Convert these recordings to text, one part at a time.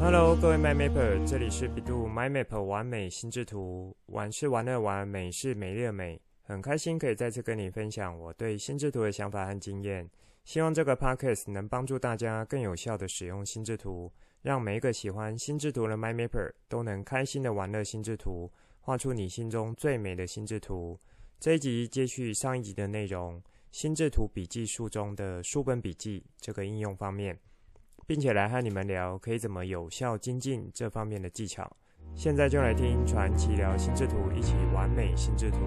Hello，各位 MyMapper，這裡是 bEDU MyMapper 玩美心智圖，玩是玩樂玩，美是美麗美。很開心可以再次跟你分享我對心智圖的想法和經驗，希望這個 podcast 能幫助大家更有效地使用心智圖，讓每一個喜歡心智圖的 MyMapper 都能開心地玩樂心智圖，畫出你心中最美的心智圖。這一集接續上一集的內容，心智圖筆記術中的書本筆記這個應用方面。並且來和你們聊，可以怎麼有效精進這方面的技巧。現在就來聽傳奇聊心智圖，一起完美心智圖。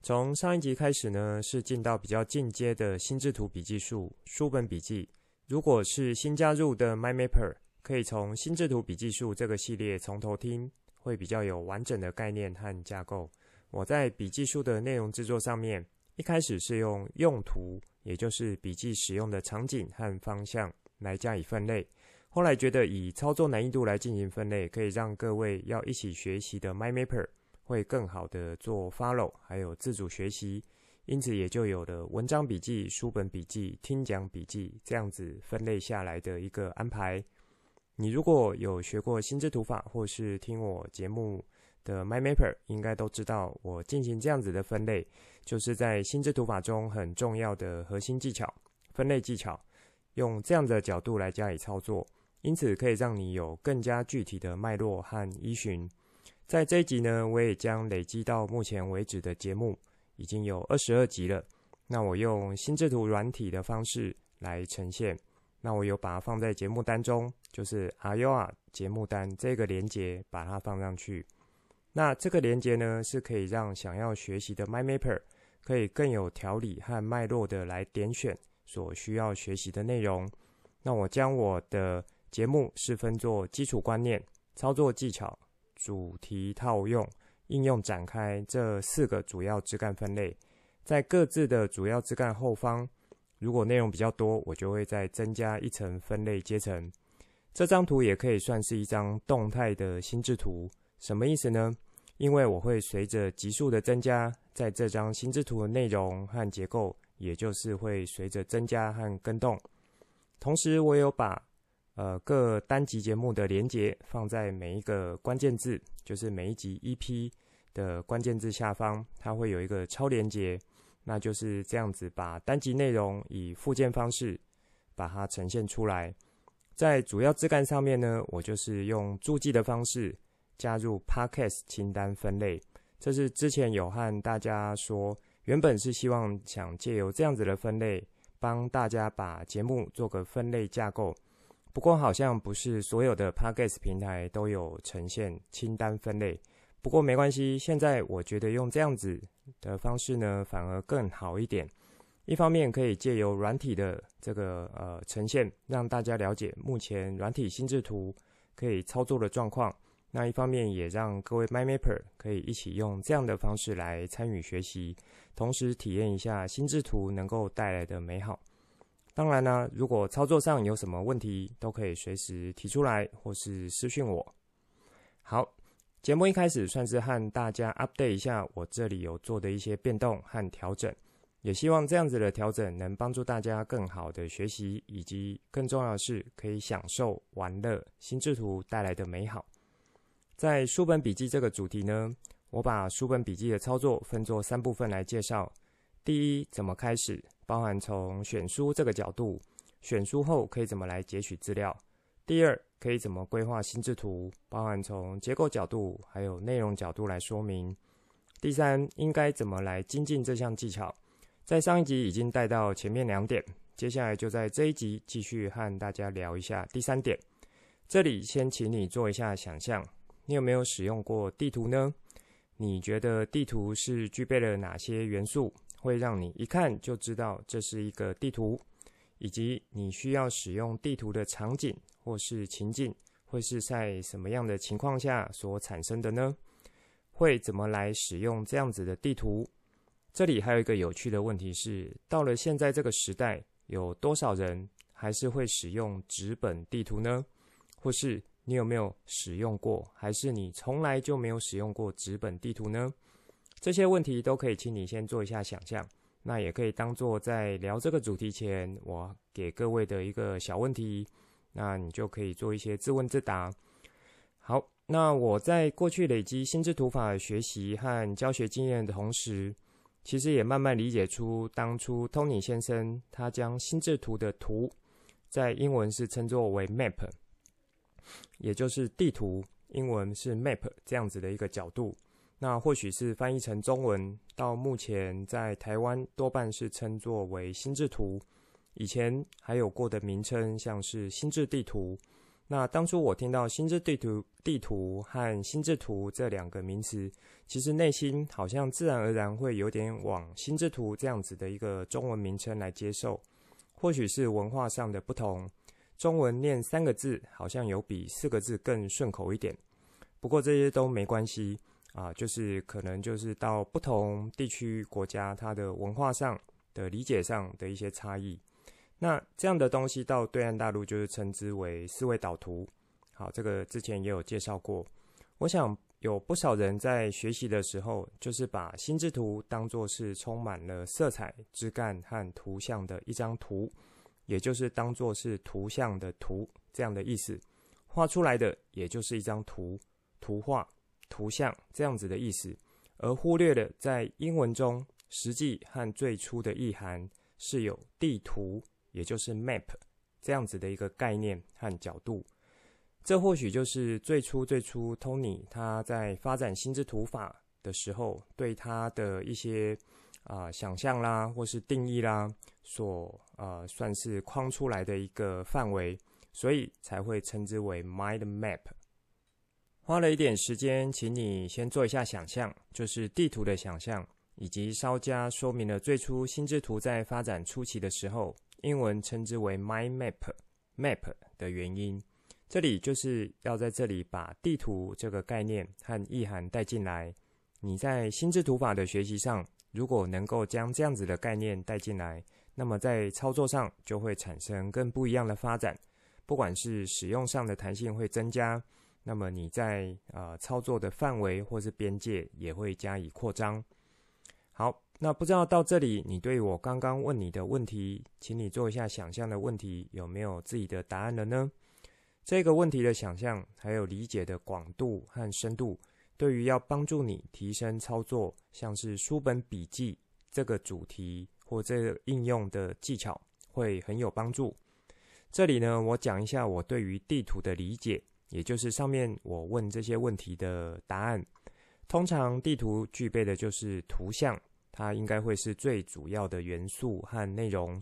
從上一集開始呢，是進到比較進階的心智圖筆記術書本筆記。如果是新加入的 MyMapper，可以從心智圖筆記術這個系列從頭聽，會比較有完整的概念和架構。我在筆記書的內容製作上面，一開始是用用途，也就是筆記使用的場景和方向來加以分類。後來覺得以操作難易度來進行分類，可以讓各位要一起學習的 MyMapper 會更好的做 follow 還有自主學習，因此也就有了文章筆記、書本筆記、聽講筆記這樣子分類下來的一個安排。你如果有學過心智圖法或是聽我節目，的 MyMapper 應該都知道，我進行這樣子的分類，就是在心智圖法中很重要的核心技巧——分類技巧，用這樣的角度來加以操作，因此可以讓你有更加具體的脈絡和依循。在這一集呢，我也將累積到目前為止的節目，已經有二十二集了。那我用心智圖軟體的方式來呈現，那我有把它放在節目單中，就是 AYOA 節目單這個連結，把它放上去。那這個連結呢，是可以讓想要學習的 MyMapper 可以更有條理和脈絡的來點選所需要學習的內容。那我將我的節目是分作基礎觀念、操作技巧、主題套用、應用展開這四個主要枝幹分類。在各自的主要枝幹後方，如果內容比較多，我就會再增加一層分類階層。這張圖也可以算是一張動態的心智圖，什麼意思呢？因為我會隨着集數的增加，在這張心智圖的內容和結構，也就是會隨着增加和更動。同時，我也有把呃各單集節目的連接放在每一個關鍵字，就是每一集 EP 的關鍵字下方，它會有一個超連接，那就是這樣子把單集內容以附件方式把它呈現出來。在主要枝幹上面呢，我就是用注記的方式。加入 Podcast 清單分類，這是之前有和大家說，原本是希望想借由這樣子的分類，幫大家把節目做個分類架構。不過好像不是所有的 Podcast 平台都有呈現清單分類，不過沒關係，現在我覺得用這樣子的方式呢，反而更好一點。一方面可以借由軟體的這個呃呈現，讓大家了解目前軟體心智圖可以操作的狀況。那一方面也讓各位 My Mapper 可以一起用這樣的方式來參與學習，同時體驗一下心智圖能夠帶來的美好。當然呢、啊，如果操作上有什麼問題，都可以隨時提出來或是私訊我。好，節目一開始算是和大家 update 一下我這裡有做的一些變動和調整，也希望這樣子的調整能幫助大家更好的學習，以及更重要的是可以享受玩樂心智圖帶來的美好。在書本筆記這個主題呢，我把書本筆記的操作分作三部分來介紹。第一，怎麼開始，包含從選書這個角度，選書後可以怎麼來截取資料；第二，可以怎麼規劃心智圖，包含從結構角度還有內容角度來說明；第三，應該怎麼來精進這項技巧。在上一集已經帶到前面兩點，接下來就在這一集繼續和大家聊一下第三點。這裡先請你做一下想象你有沒有使用過地圖呢？你覺得地圖是具備了哪些元素，會讓你一看就知道這是一個地圖？以及你需要使用地圖的場景或是情境，會是在什麼樣的情況下所產生的呢？會怎麼來使用這樣子的地圖？這裡還有一個有趣的問題是，到了現在這個時代，有多少人還是會使用紙本地圖呢？或是你有沒有使用過，還是你從來就沒有使用過紙本地圖呢？這些問題都可以，請你先做一下想象，那也可以當做在聊這個主題前，我給各位的一個小問題。那你就可以做一些自問自答。好，那我在過去累積心智圖法的學習和教學經驗的同時，其實也慢慢理解出，當初 Tony 先生他將心智圖的圖，在英文是稱作為 map。也就是地圖，英文是 map 這樣子的一個角度。那或許是翻譯成中文，到目前在台灣多半是稱作為心智圖。以前還有過的名稱像是心智地圖。那當初我聽到心智地圖、地圖和心智圖這兩個名詞，其實內心好像自然而然會有點往心智圖這樣子的一個中文名稱來接受，或許是文化上的不同。中文念三個字好像有比四個字更順口一點，不過這些都沒關係啊，就是可能就是到不同地區國家，它的文化上的理解上的一些差異。那這樣的東西到對岸大陸就是稱之為思維導圖。好，這個之前也有介紹過。我想有不少人在學習的時候，就是把心智圖當作是充滿了色彩、枝幹和圖像的一張圖。也就是當做是圖像的圖這樣的意思，畫出來的也就是一張圖、圖畫、圖像這樣子的意思，而忽略了在英文中實際和最初的意涵是有地圖，也就是 map 這樣子的一個概念和角度。這或許就是最初最初 Tony 他在發展心智圖法的時候，對他的一些。啊、呃，想象啦，或是定義啦，所呃算是框出來的一個範圍，所以才會稱之為 mind map。花了一點時間，請你先做一下想象，就是地圖的想象，以及稍加說明了最初心智圖在發展初期的時候，英文稱之為 mind map，map 的原因。這裡就是要在這裡把地圖這個概念和意涵帶進來。你在心智圖法的學習上。如果能夠將這樣子的概念帶進來，那麼在操作上就會產生更不一樣的發展。不管是使用上的彈性會增加，那麼你在啊、呃、操作的範圍或是邊界也會加以擴張。好，那不知道到這裡，你對我剛剛問你的問題，請你做一下想象的問題，有沒有自己的答案了呢？這個問題的想象還有理解的廣度和深度，對於要幫助你提升操作，像是書本筆記這個主題或這個應用的技巧，會很有幫助。這裡呢，我講一下我對於地圖的理解，也就是上面我問這些問題的答案。通常地圖具備的就是圖像，它應該會是最主要的元素和內容。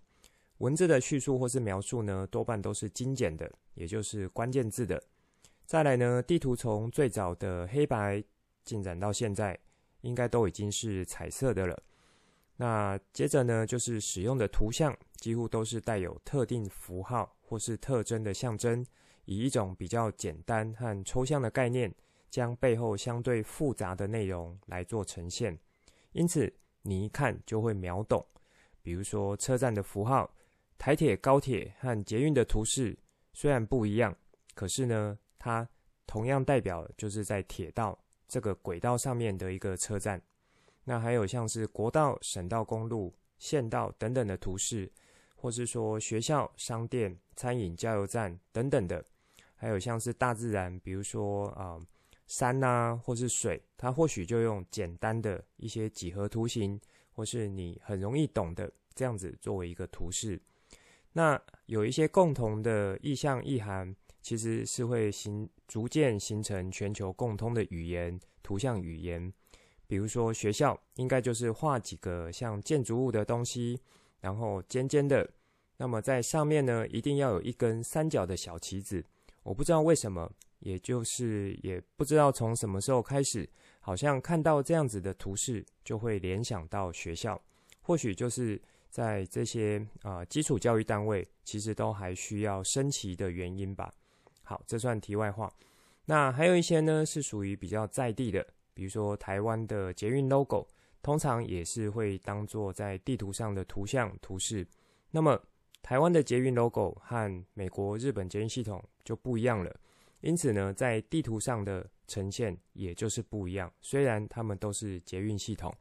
文字的敘述或是描述呢，多半都是精簡的，也就是關鍵字的。再來呢，地圖從最早的黑白進展到現在，應該都已經是彩色的了。那接着呢，就是使用的圖像幾乎都是帶有特定符號或是特徵的象徵，以一種比較簡單和抽象的概念，將背後相對複雜的內容來做呈現。因此，你一看就會秒懂，比如說車站的符號，台鐵、高鐵和捷運的圖示雖然不一樣，可是呢，它同樣代表就是在鐵道這個軌道上面的一個車站。那還有像是國道、省道、公路、縣道等等的圖示，或是說學校、商店、餐飲、加油站等等的，還有像是大自然，比如說、呃、山啊山吶，或是水，它或許就用簡單的一些幾何圖形，或是你很容易懂的這樣子作為一個圖示。那有一些共同的意象意涵，其實是會形逐漸形成全球共通的語言，圖像語言，比如說學校應該就是畫幾個像建築物的東西，然後尖尖的，那麼在上面呢，一定要有一根三角的小旗子。我不知道為什麼，也就是也不知道從什麼時候開始，好像看到這樣子的圖示就會聯想到學校，或許就是在這些啊、呃、基礎教育單位，其實都還需要升旗的原因吧。好，這算題外話。那還有一些呢，是屬於比較在地的，比如說台灣的捷運 logo，通常也是會當作在地圖上的圖像圖示。那麼台灣的捷運 logo 和美國、日本捷運系統就不一樣了，因此呢，在地圖上的呈現也就是不一樣。雖然它們都是捷運系統。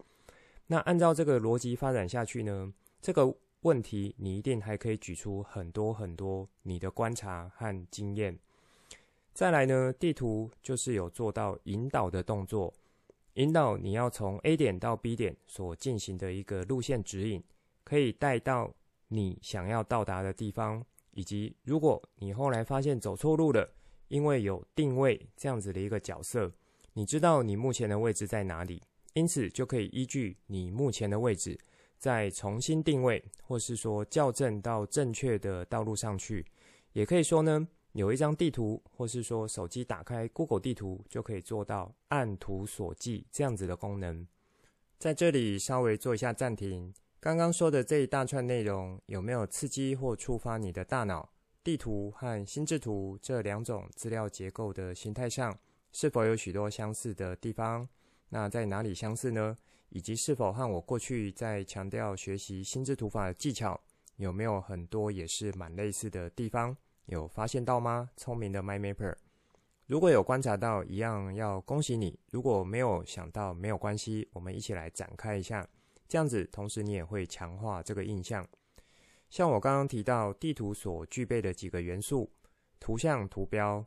那按照這個邏輯發展下去呢，這個問題你一定還可以舉出很多很多你的觀察和經驗。再來呢，地圖就是有做到引導的動作，引導你要從 A 點到 B 點所進行的一個路線指引，可以帶到你想要到達的地方，以及如果你後來發現走錯路了，因為有定位這樣子的一個角色，你知道你目前的位置在哪裡，因此就可以依據你目前的位置再重新定位，或是說校正到正確的道路上去，也可以說呢。有一張地圖，或是說手機打開 Google 地圖，就可以做到按圖索驥這樣子的功能。在這裡稍微做一下暫停。剛剛說的這一大串內容，有沒有刺激或觸發你的大腦？地圖和心智圖這兩種資料結構的形態上，是否有許多相似的地方？那在哪裡相似呢？以及是否和我過去在強調學習心智圖法的技巧，有沒有很多也是蠻類似的地方？有發現到嗎？聰明的 MyMapper，如果有觀察到一樣，要恭喜你；如果沒有想到，沒有關係。我們一起來展開一下，這樣子，同時你也會強化這個印象。像我剛剛提到地圖所具備的幾個元素：圖像、圖標、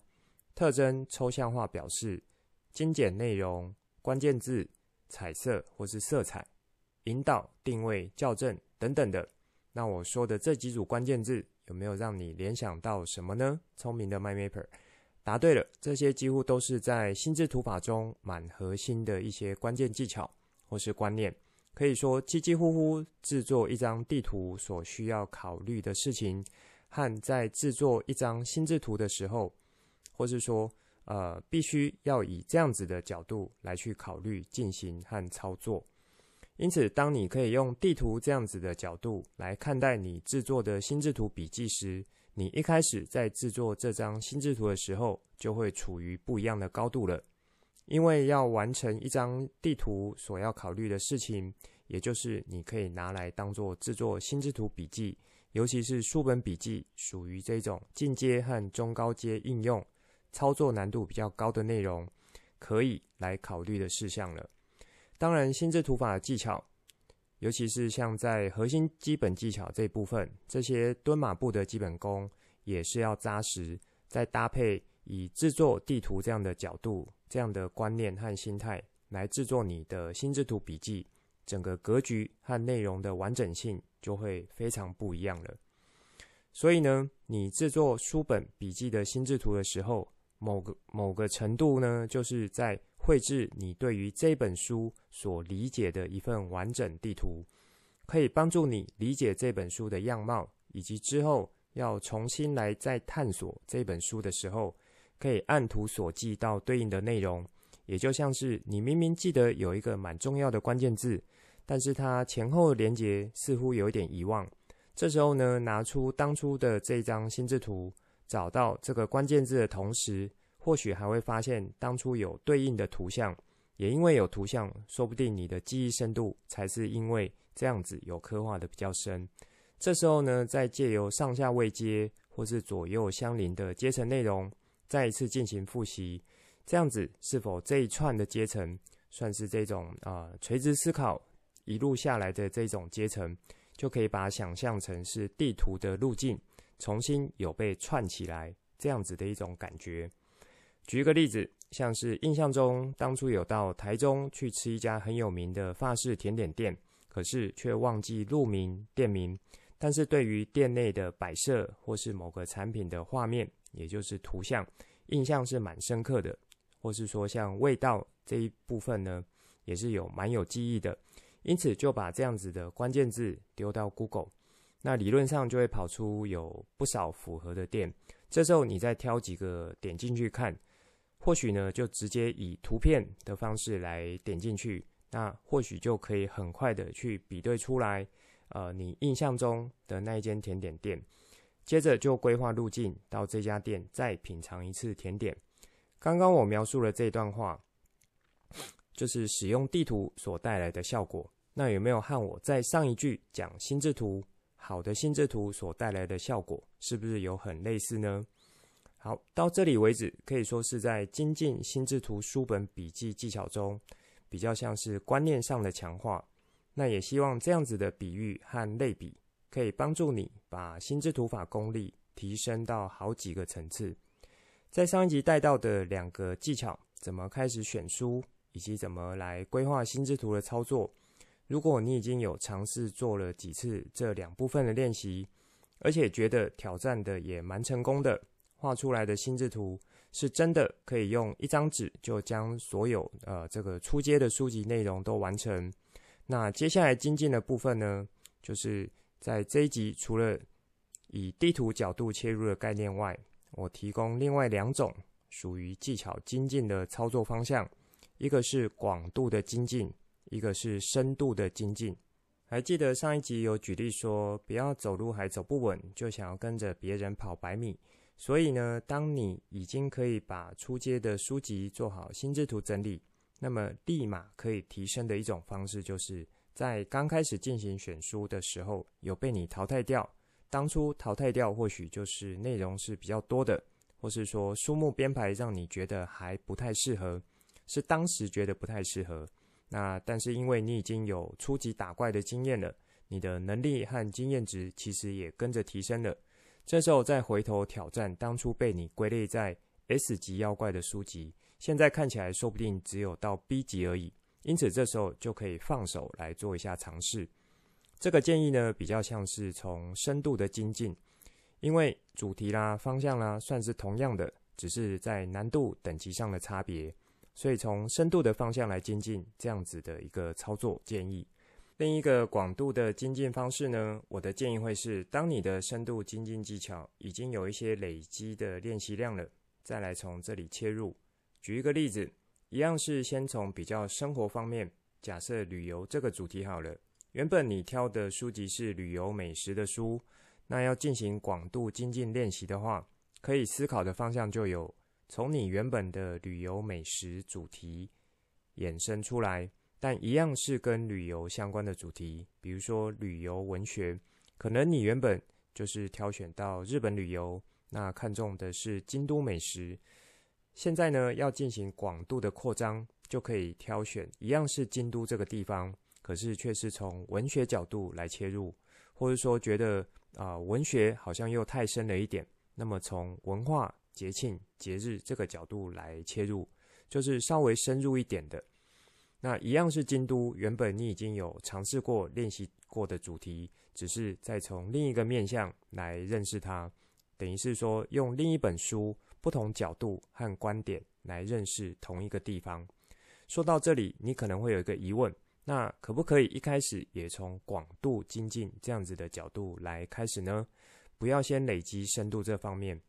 特徵、抽象化表示、精簡內容、關鍵字、彩色或是色彩、引導、定位、校正等等的。那我說的這幾組關鍵字。有沒有讓你聯想到什麼呢？聰明的 MyMapper 答對了，這些幾乎都是在心智圖法中蠻核心的一些關鍵技巧或是觀念。可以說，幾幾乎乎製作一張地圖所需要考慮的事情，和在製作一張心智圖的時候，或是說，呃，必須要以這樣子的角度來去考慮、進行和操作。因此，當你可以用地圖這樣子的角度來看待你制作的心智圖筆記時，你一開始在製作這張心智圖的時候，就會處於不一樣的高度了。因為要完成一張地圖所要考慮的事情，也就是你可以拿來當做製作心智圖筆記，尤其是書本筆記屬於這種進階和中高階應用，操作難度比較高的內容，可以來考慮的事項了。當然，心智圖法的技巧，尤其是像在核心基本技巧這一部分，這些蹲馬步的基本功也是要扎實。再搭配以制作地圖這樣的角度，這樣的觀念和心態來制作你的心智圖筆記，整個格局和內容的完整性就會非常不一樣了。所以呢，你制作書本筆記的心智圖的時候，某個某個程度呢，就是在，繪製你對於這本書所理解的一份完整地圖，可以幫助你理解這本書的樣貌，以及之後要重新來再探索這本書的時候，可以按圖索驥到對應的內容。也就像是你明明記得有一個蠻重要的關鍵字，但是它前後連接似乎有一點遺忘。這時候呢，拿出當初的這張心智圖，找到這個關鍵字的同時。或許還會發現當初有對應的圖像，也因為有圖像，說不定你的記憶深度才是因為這樣子有刻畫的比較深。這時候呢，再借由上下位階或是左右相鄰的階層內容，再一次進行複習，這樣子是否這一串的階層算是這種啊，呃，垂直思考一路下來的這種階層，就可以把它想象成是地圖的路徑，重新有被串起來這樣子的一種感覺。舉一個例子，像是印象中當初有到台中去吃一家很有名的法式甜點店，可是卻忘記路名、店名。但是對於店內的擺設或是某個產品的畫面，也就是圖像，印象是蠻深刻的。或是說像味道這一部分呢，也是有蠻有記憶的。因此就把這樣子的關鍵字丟到 Google，那理論上就會跑出有不少符合的店。這時候你再挑幾個點進去看。或許呢，就直接以圖片的方式來點進去，那或許就可以很快的去比對出來，呃，你印象中的那一間甜點店，接着就規劃路徑到這家店，再品嘗一次甜點。剛剛我描述了這段話，就是使用地圖所帶來的效果。那有沒有和我在上一句講心智圖，好的心智圖所帶來的效果，是不是有很類似呢？好，到這裡為止，可以說是在精進心智圖書本筆記技巧中，比較像是觀念上的強化。那也希望這樣子的比喻和類比，可以幫助你把心智圖法功力提升到好幾個層次。在上一集帶到的兩個技巧，怎麼開始選書，以及怎麼來規劃心智圖的操作。如果你已經有嘗試做了幾次這兩部分的練習，而且覺得挑戰的也蠻成功的。畫出來的心智圖是真的可以用一張紙就將所有呃這個初階的書籍內容都完成。那接下來精進的部分呢，就是在這一集除了以地圖角度切入的概念外，我提供另外兩種屬於技巧精進的操作方向，一個是廣度的精進，一個是深度的精進。還記得上一集有舉例說，不要走路還走不穩，就想要跟着別人跑百米。所以呢，當你已經可以把初階的書籍做好心智圖整理，那麼立馬可以提升的一種方式，就是在剛開始進行選書的時候，有被你淘汰掉。當初淘汰掉或許就是內容是比較多的，或是說書目編排讓你覺得還不太適合，是當時覺得不太適合。那但是因為你已經有初級打怪的經驗了，你的能力和經驗值其實也跟着提升了。這時候再回頭挑戰當初被你歸類在 S 級妖怪的書籍，現在看起來說不定只有到 B 級而已。因此這時候就可以放手來做一下嘗試。這個建議呢，比較像是從深度的精進，因為主題啦、方向啦，算是同樣的，只是在難度等級上的差別。所以從深度的方向來精進，這樣子的一個操作建議。另一個廣度的精進方式呢，我的建議會是，當你的深度精進技巧已經有一些累積的練習量了，再來從這裡切入。舉一個例子，一樣是先從比較生活方面，假設旅遊這個主題好了，原本你挑的書籍是旅遊美食的書，那要進行廣度精進練習的話，可以思考的方向就有從你原本的旅遊美食主題衍生出來。但一樣是跟旅遊相關的主題，比如說旅遊文學，可能你原本就是挑選到日本旅遊，那看中的是京都美食。現在呢，要進行廣度的擴張，就可以挑選一樣是京都這個地方，可是卻是從文學角度來切入，或者說覺得啊、呃、文學好像又太深了一點，那麼從文化、節慶、節日這個角度來切入，就是稍微深入一點的。那一樣是京都，原本你已經有嘗試過練習過的主題，只是再從另一個面向來認識它，等於是說用另一本書不同角度和觀點來認識同一個地方。說到這裡，你可能會有一個疑問：那可不可以一開始也從廣度精進這樣子的角度來開始呢？不要先累積深度這方面，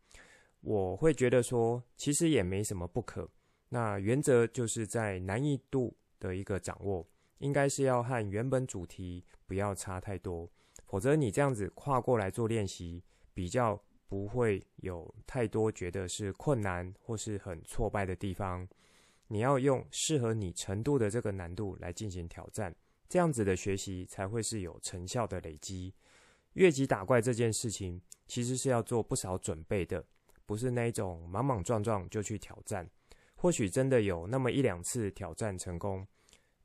我會覺得說其實也沒什麼不可。那原則就是在難易度。的一個掌握，應該是要和原本主題不要差太多，否則你這樣子跨過來做練習，比較不會有太多覺得是困難或是很挫敗的地方。你要用適合你程度的這個難度來進行挑戰，這樣子的學習才會是有成效的累積。越級打怪這件事情，其實是要做不少準備的，不是那種莽莽撞撞就去挑戰。或許真的有那麼一兩次挑戰成功，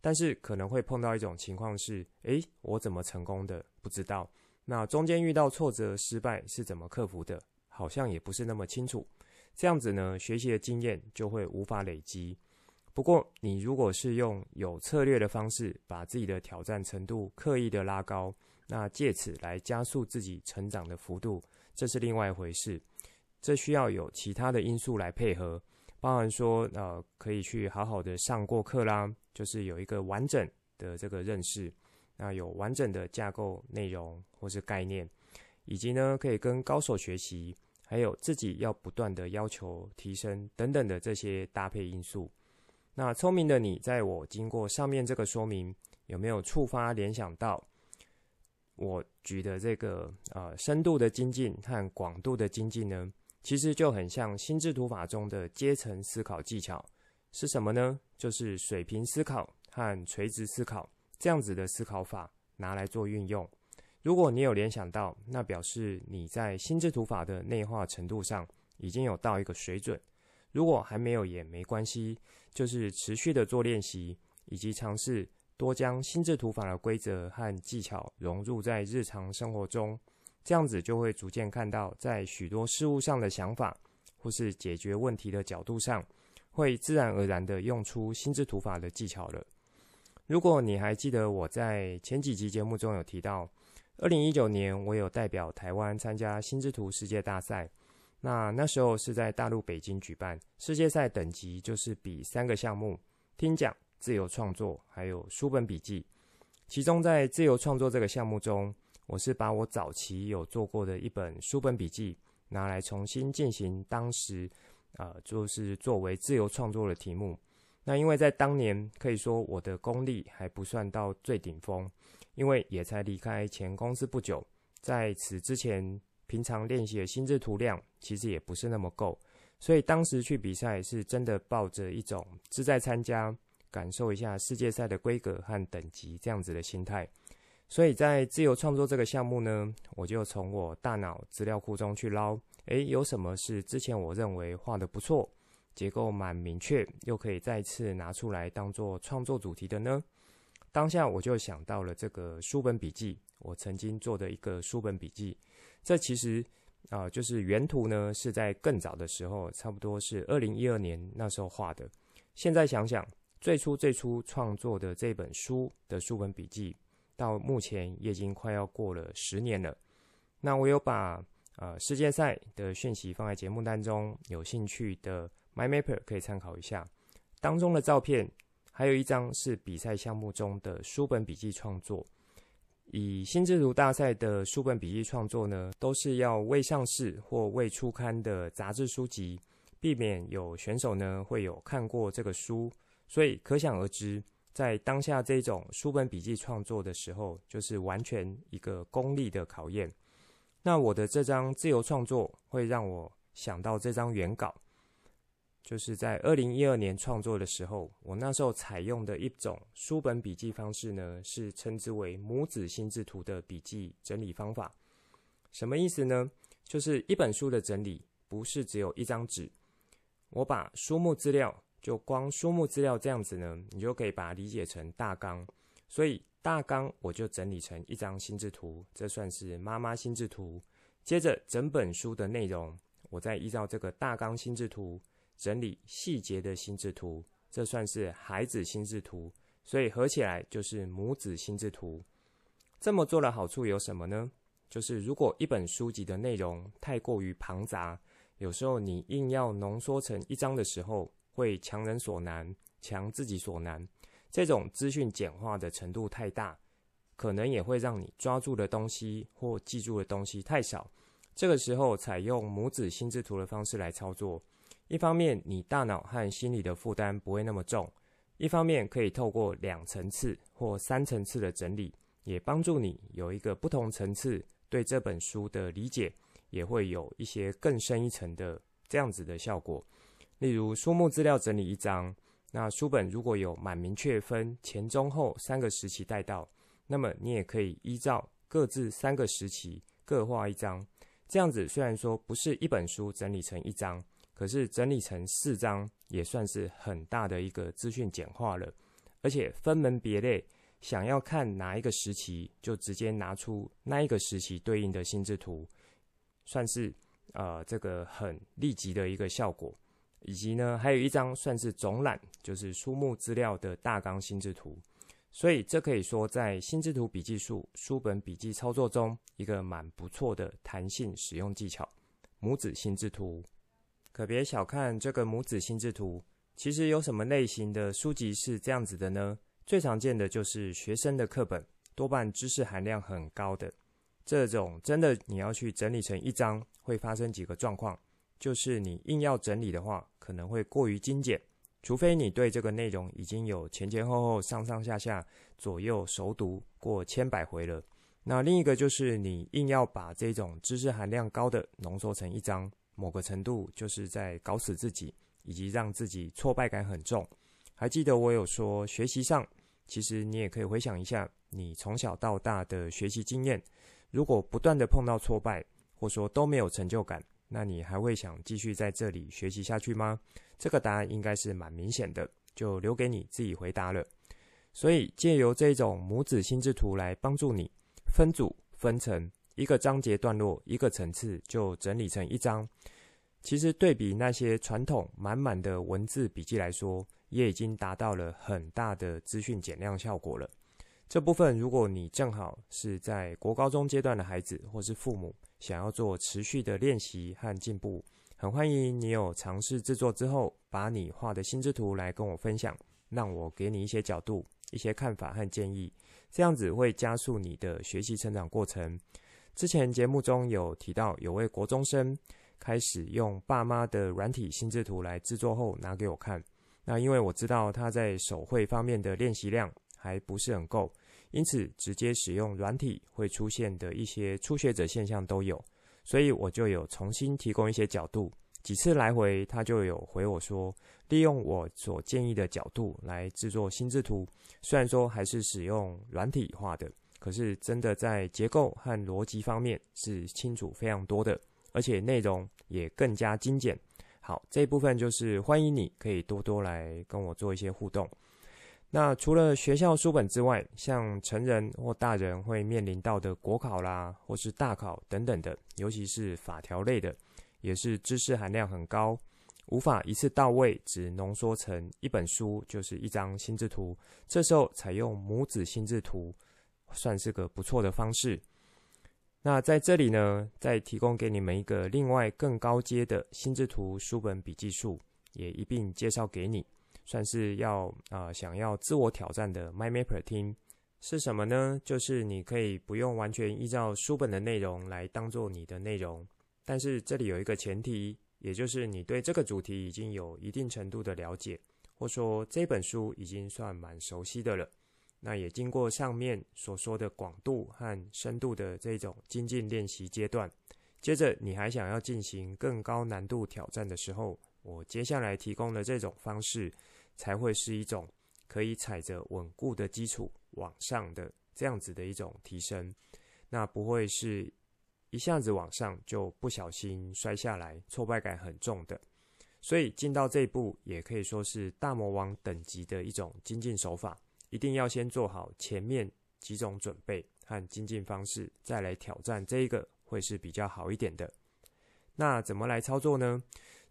但是可能會碰到一種情況是：誒、欸，我怎麼成功的？不知道。那中間遇到挫折、失敗是怎麼克服的？好像也不是那麼清楚。這樣子呢，學習的經驗就會無法累積。不過，你如果是用有策略的方式，把自己的挑戰程度刻意的拉高，那借此來加速自己成長的幅度，這是另外一回事。這需要有其他的因素來配合。包含說，呃，可以去好好的上過課啦，就是有一個完整的這個認識，那有完整的架構內容或是概念，以及呢，可以跟高手學習，還有自己要不斷的要求提升等等的這些搭配因素。那聰明的你，在我經過上面這個說明，有沒有觸發聯想到我舉的這個，呃，深度的精進和廣度的精進呢？其實就很像心智圖法中的階層思考技巧，是什麼呢？就是水平思考和垂直思考，這樣子的思考法拿來做運用。如果你有聯想到，那表示你在心智圖法的內化程度上已經有到一個水準。如果還沒有也沒關係，就是持續的做練習，以及嘗試多將心智圖法的規則和技巧融入在日常生活中。這樣子就會逐漸看到，在許多事物上的想法，或是解決問題的角度上，會自然而然地用出心智圖法的技巧了。如果你還記得我在前幾集節目中有提到，二零一九年我有代表台灣參加心智圖世界大賽，那那時候是在大陸北京舉辦。世界賽等級就是比三個項目：聽講、自由創作，還有書本筆記。其中在自由創作這個項目中，我是把我早期有做過的一本書本筆記拿來重新進行，當時，呃，就是作為自由創作的題目。那因為在當年可以說我的功力還不算到最頂峰，因為也才離開前公司不久，在此之前平常練習的心智圖量其實也不是那麼夠，所以當時去比賽是真的抱着一種志在參加，感受一下世界賽的規格和等級這樣子的心態。所以在自由創作這個項目呢，我就從我大腦資料庫中去撈，誒，有什麼是之前我認為畫得不錯，結構蠻明確，又可以再次拿出來當做創作主題的呢？當下我就想到了這個書本筆記，我曾經做的一個書本筆記。這其實啊、呃，就是原圖呢是在更早的時候，差不多是二零一二年那時候畫的。現在想想，最初最初創作的這本書的書本筆記。到目前也已經快要過了十年了。那我有把呃世界賽的訊息放在節目當中，有興趣的 MyMapper 可以參考一下。當中的照片還有一張是比賽項目中的書本筆記創作。以心智圖大賽的書本筆記創作呢，都是要未上市或未出刊的雜志書籍，避免有選手呢會有看過這個書，所以可想而知。在當下這種書本筆記創作的時候，就是完全一個功利的考驗。那我的這張自由創作會讓我想到這張原稿，就是在二零一二年創作的時候，我那時候採用的一種書本筆記方式呢，是稱之為母子心智圖的筆記整理方法。什麼意思呢？就是一本書的整理不是只有一張紙，我把書目資料。就光書目資料這樣子呢，你就可以把它理解成大綱。所以大綱我就整理成一張心智圖，這算是媽媽心智圖。接着整本書的內容，我再依照這個大綱心智圖整理細節的心智圖，這算是孩子心智圖。所以合起來就是母子心智圖。這麼做的好處有什麼呢？就是如果一本書籍的內容太過於龐雜，有時候你硬要濃縮成一張的時候，會強人所難，強自己所難，這種資訊簡化的程度太大，可能也會讓你抓住的東西或記住的東西太少。這個時候，採用母子心智圖的方式來操作，一方面你大腦和心理的負擔不會那麼重，一方面可以透過兩層次或三層次的整理，也幫助你有一個不同層次對這本書的理解，也會有一些更深一層的這樣子的效果。例如，書目資料整理一張。那書本如果有蠻明確分前、中、後三個時期帶到，那麼你也可以依照各自三個時期各畫一張。這樣子雖然說不是一本書整理成一張，可是整理成四張也算是很大的一個資訊簡化了。而且分門別類，想要看哪一個時期，就直接拿出那一個時期對應的心智圖，算是呃這個很立即的一個效果。以及呢，還有一張算是總覽，就是書目資料的大綱心智圖。所以這可以說在心智圖筆記術、書本筆記操作中，一個蠻不錯的彈性使用技巧。母子心智圖，可別小看這個母子心智圖。其實有什麼類型的書籍是這樣子的呢？最常見的就是學生的課本，多半知識含量很高的。這種真的你要去整理成一張，會發生幾個狀況。就是你硬要整理的話，可能會過於精簡，除非你對這個內容已經有前前後後、上上下下、左右熟讀過千百回了。那另一個就是你硬要把這種知識含量高的濃縮成一張，某個程度就是在搞死自己，以及讓自己挫敗感很重。還記得我有說，學習上其實你也可以回想一下你從小到大的學習經驗，如果不斷的碰到挫敗，或說都沒有成就感。那你還會想繼續在這裡學習下去嗎？這個答案應該是蠻明顯的，就留給你自己回答了。所以借由這種母子心智圖來幫助你分組、分層，一個章節段落、一個層次就整理成一張。其實對比那些傳統滿滿的文字筆記來說，也已經達到了很大的資訊減量效果了。這部分，如果你正好是在國高中階段的孩子，或是父母想要做持續的練習和進步，很歡迎你有嘗試製作之後，把你畫的心智圖來跟我分享，讓我給你一些角度、一些看法和建議，這樣子會加速你的學習成長過程。之前節目中有提到，有位國中生開始用爸媽的軟體心智圖來製作後拿給我看，那因為我知道他在手繪方面的練習量還不是很夠。因此，直接使用軟體會出現的一些初學者現象都有，所以我就有重新提供一些角度。幾次來回，他就有回我說，利用我所建議的角度來製作心智圖。雖然說還是使用軟體畫的，可是真的在結構和邏輯方面是清楚非常多的，而且內容也更加精簡。好，這一部分就是歡迎你可以多多來跟我做一些互動。那除了學校書本之外，像成人或大人會面臨到的國考啦，或是大考等等的，尤其是法條類的，也是知識含量很高，無法一次到位，只濃縮成一本書，就是一張心智圖。這時候採用母子心智圖，算是個不錯的方式。那在這裡呢，再提供給你們一個另外更高階的心智圖書本筆記術，也一併介紹給你。算是要啊，呃，想要自我挑戰的 My Mapper 聽，是什麼呢？就是你可以不用完全依照書本的內容來當做你的內容，但是這裡有一個前提，也就是你對這個主題已經有一定程度的了解，或說這本書已經算蠻熟悉的了。那也經過上面所說的廣度和深度的這種精進練習階段，接着你還想要進行更高難度挑戰的時候，我接下來提供的這種方式才會是一種可以踩着穩固的基礎往上的這樣子的一種提升，那不會是一下子往上就不小心摔下來，挫敗感很重的。所以進到這一步，也可以說是大魔王等級的一種精進手法，一定要先做好前面幾種準備和精進方式，再來挑戰這一個會是比較好一點的。那怎麼來操作呢？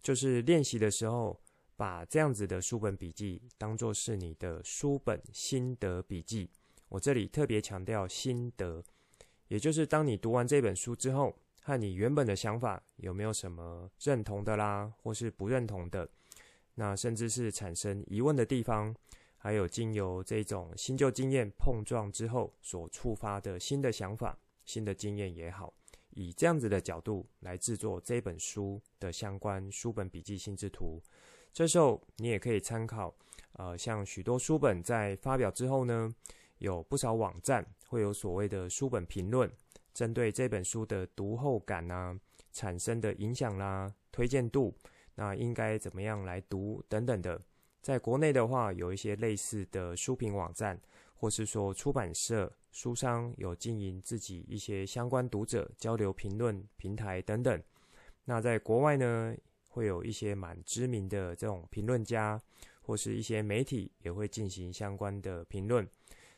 就是練習的時候。把這樣子的書本筆記當做是你的書本心得筆記。我這裡特別強調心得，也就是當你讀完這本書之後，和你原本的想法有沒有什麼認同的啦，或是不認同的，那甚至是產生疑問的地方，還有經由這種新舊經驗碰撞之後所觸發的新的想法、新的經驗也好，以這樣子的角度來製作這本書的相關書本筆記心智圖。這時候你也可以參考，呃，像許多書本在發表之後呢，有不少網站會有所謂的書本評論，針對這本書的讀後感吶、啊、產生的影響啦、啊、推薦度，那應該怎麼樣來讀等等的。在國內的話，有一些類似的書評網站，或是說出版社、書商有經營自己一些相關讀者交流評論平台等等。那在國外呢？會有一些蠻知名的這種評論家，或是一些媒體也會進行相關的評論。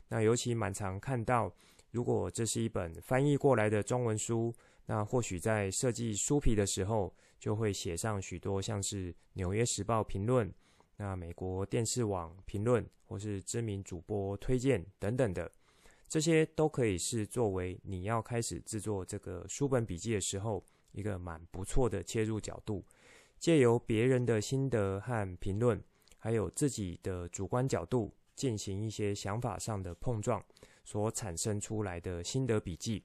那尤其蠻常看到，如果這是一本翻譯過來的中文書，那或許在設計書皮的時候，就會寫上許多像是《紐約時報》評論、那美國電視網評論，或是知名主播推薦等等的。這些都可以是作為你要開始製作這個書本筆記的時候，一個蠻不錯的切入角度。借由別人的心得和評論，還有自己的主觀角度，進行一些想法上的碰撞，所產生出來的心得筆記，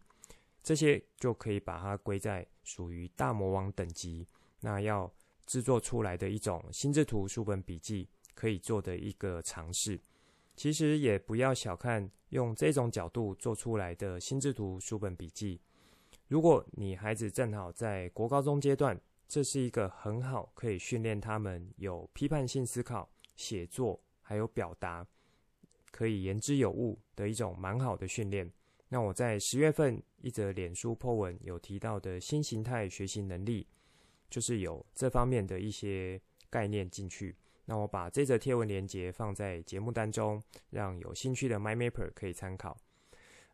這些就可以把它歸在屬於大魔王等級。那要制作出來的一種心智圖書本筆記，可以做的一個嘗試。其實也不要小看用這種角度做出來的心智圖書本筆記。如果你孩子正好在國高中階段，這是一個很好，可以訓練他們有批判性思考、寫作還有表達，可以言之有物的一種蠻好的訓練。那我在十月份一則臉書 po 文有提到的新形態學習能力，就是有這方面的一些概念進去。那我把這則貼文連結，放在節目當中，讓有興趣的 MyMapper 可以參考。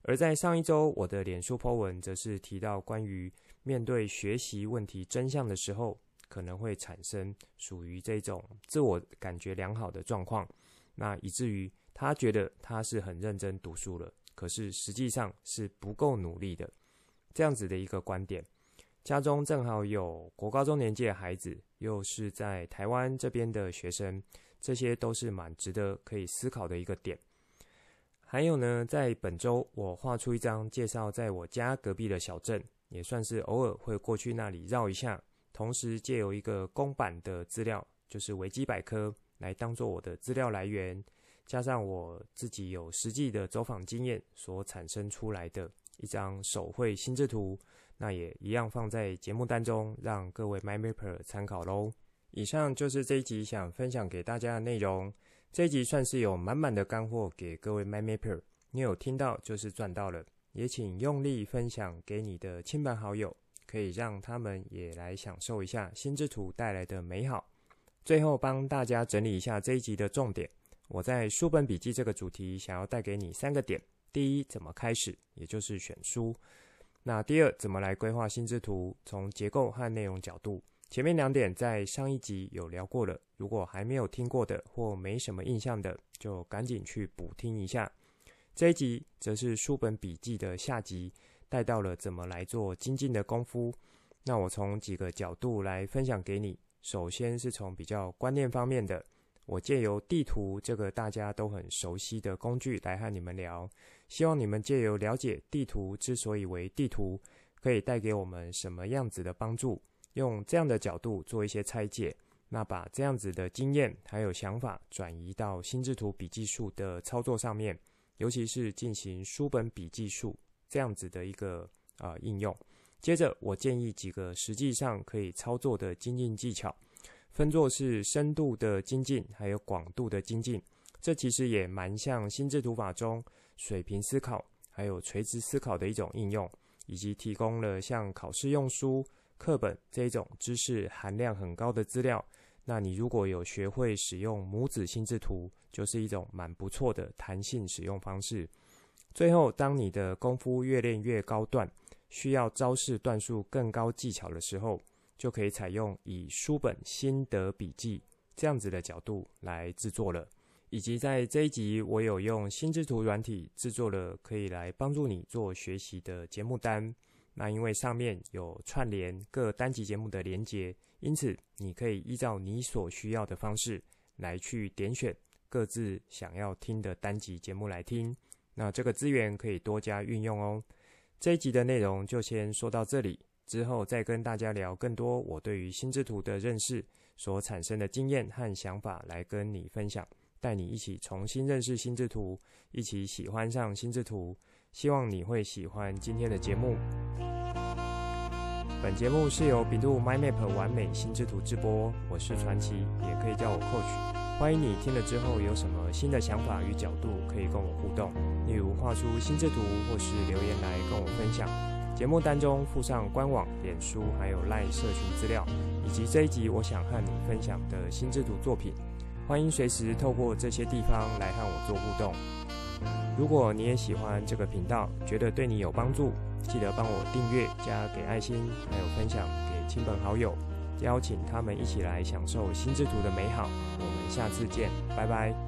而在上一周，我的臉書 po 文則是提到關於，面對學習問題真相的時候，可能會產生屬於這種自我感覺良好的狀況，那以至於他覺得他是很認真讀書了，可是實際上是不夠努力的，這樣子的一個觀點。家中正好有國高中年紀的孩子，又是在台灣這邊的學生，這些都是蠻值得可以思考的一個點。還有呢，在本周我畫出一張介紹在我家隔壁的小鎮。也算是偶爾會過去那裡繞一下，同時借由一個公版的資料，就是維基百科來當做我的資料來源，加上我自己有實際的走訪經驗所產生出來的一張手繪心智圖，那也一樣放在節目當中讓各位 MyMapper 參考嘍。以上就是這一集想分享給大家的內容，這一集算是有滿滿的乾貨給各位 MyMapper 你有聽到就是賺到了。也請用力分享給你的親朋好友，可以讓他們也來享受一下心智圖帶來的美好。最後幫大家整理一下這一集的重點，我在書本筆記這個主題想要帶給你三個點：第一，怎麼開始，也就是選書；那第二，怎麼來規劃心智圖，從結構和內容角度。前面兩點在上一集有聊過了，如果還沒有聽過的或沒什麼印象的，就趕緊去補聽一下。這一集則是書本筆記的下集，帶到了怎麼來做精進的功夫。那我從幾個角度來分享給你。首先是從比較觀念方面的，我借由地圖這個大家都很熟悉的工具來和你們聊。希望你們借由了解地圖之所以為地圖，可以帶給我們什麼樣子的幫助，用這樣的角度做一些拆解。那把這樣子的經驗還有想法轉移到心智圖筆記術的操作上面。尤其是進行書本筆記術這樣子的一個啊、呃、應用。接着，我建議幾個實際上可以操作的精進技巧，分作是深度的精進，還有廣度的精進。這其實也蠻像心智圖法中水平思考，還有垂直思考的一種應用，以及提供了像考試用書、課本這種知識含量很高的資料。那你如果有學會使用拇指心智圖，就是一種蠻不錯的彈性使用方式。最後，當你的功夫越練越高段，需要招式段數更高技巧的時候，就可以採用以書本心得筆記這樣子的角度來製作了。以及在這一集，我有用心智圖軟體製作了可以來幫助你做學習的節目單。那因為上面有串聯各單集節目的連接，因此你可以依照你所需要的方式來去點選各自想要聽的單集節目來聽。那這個資源可以多加運用哦。這一集的內容就先說到這裡，之後再跟大家聊更多我對於心智圖的認識所產生的經驗和想法來跟你分享，帶你一起重新認識心智圖，一起喜歡上心智圖。希望你會喜歡今天的節目。本節目是由 bEDU MindMap 玩美心智圖製播，我是傳奇，也可以叫我 Coach。歡迎你聽了之後有什麼新的想法與角度，可以跟我互動，例如畫出心智圖或是留言來跟我分享。節目單中附上官網、臉書還有 LINE 社群資料，以及這一集我想和你分享的心智圖作品。歡迎隨時透過這些地方來和我做互動。如果你也喜歡這個頻道，覺得對你有幫助，記得幫我訂閱、加給愛心，還有分享給親朋好友，邀請他們一起來享受心智圖的美好。我們下次見，拜拜。